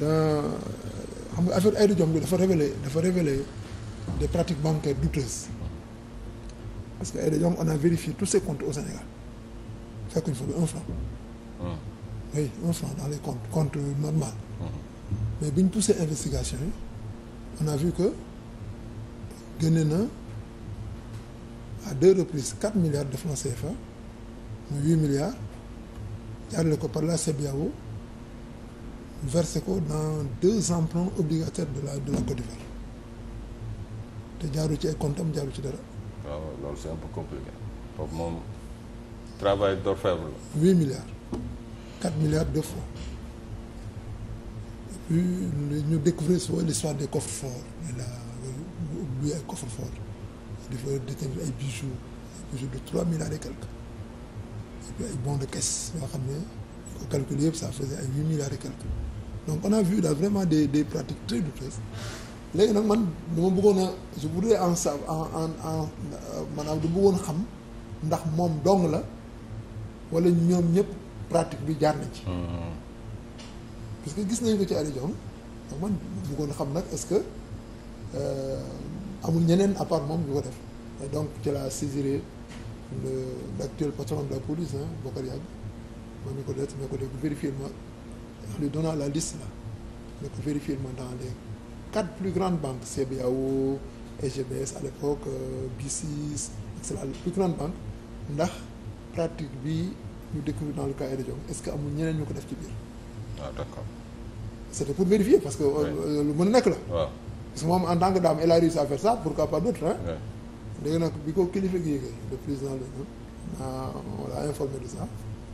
dans xam nga affaire Aïda Diom bi dafa révéler dafa révéler des pratiques bancaires douteuses parce que Aïda Diom on a vérifié tous ses comptes au Sénégal fekkuñu fa un franc. oui un franc dans les comptes compte normal. mais bi ñu poussé investigation yi on a vu que génne na à deux reprises quatre milliards de francs CFA muy huit milliards jaarale ko par la CBAO versé ko dans deux emprunts obligataires de la de la Côte d'Ivoire te jaaru ci ay compte am ci dara. waaw loolu c'est un peu compliqué. foofu moom travail d'orfèvre la. huit milliards quatre milliards de francs et puis ñu découvrir souvent l'histoire des coffres forts mais là ubbi ay coffres forts dafa détenir ay bijoux bijoux de trois milliards et quelques et ay bons caisse yoo xam ne. calcul yëpp ça faisait ay huit mille et quelques donc on a vu là vraiment des des pratiques très douteuses léegi nag man dama bëggoon a je voudrais en sa en en en euh, maanaam du bëggoon xam ndax moom dong la wala ñoom ñëpp pratique bi jaar na ci. parce que gis nañ ko ci Aliou man bëggoon xam nag est-ce que euh, amul ñeneen à part moom ñu ko def donc ci la saisiré le l'actuel patron de la police hein Yàgg parmi collègues, mes collègues vérifier moi, en lui donnant la liste là, mais que vérifier moi dans les quatre plus grandes banques, CBAO, SGBS à l'époque, euh, B6, etc. Les plus ndax pratique bi ñu découvrir dans le cas de Diom est-ce que amul ñeneen ñu ko def ci biir. waaw ah, d'accord. c'était pour vérifier parce que. Euh, euh, lu mën nekk la. parce que moom en tant que dame elle a réussi à faire ça pourquoi pas d'autres hein. léegi nag bi ko kilifa gi yëgee le président la ñu on l'a informé de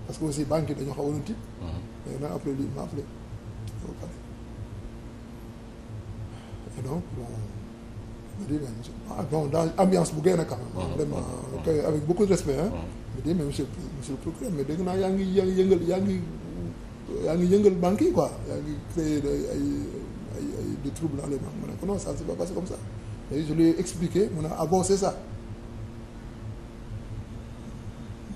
parce que aussi banque yi dañoo xaw a doon tiit. Mhm. mais nag après lui m'a appelé ba pare. et donc bon ah, ambiance bu gën a quand même. Mhm. vraiment mhm. kay avec beaucoup de respect ah. je mais monsieur procureur mais dégg naa yaa ngi yaa ngi yëngal yaa ngi yaa ngi yëngal banques yi quoi yaa ngi créé ay ay ay des troubles dans les ko non ça ne va pas comme ça. et je lui ai expliqué mu ne ah bon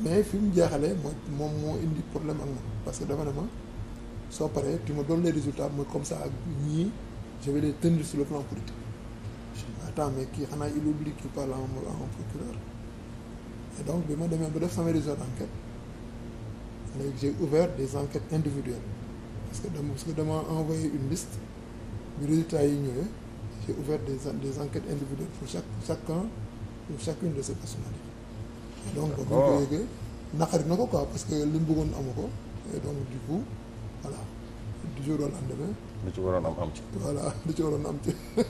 mais fi mu jaaxalee mooy moom moo indi problème ak moom parce que dafa ne ma soo paree tu ma donnes les résultats mooy comme ça ak ñii je les tenir sur le plan politique. attends kii xanaa il oublie qu'il parle à un donc bi ma demee ba def sama résultat d'enquête léegi j'ai ouvert des enquêtes individuelles parce que dama parce que dama envoyé une liste bi résultats yi ñëwee j'ai ouvert des des enquêtes individuelles pour chaque chacun pour chacune de ces personnalités. donc bu ñu ko yëgee naqari na ko quoi parce que li mu bëggoon amu ko et donc du coup voilà du jour au lendemain. lu ci waroon am am ci. voilà lu ci waroon am ci.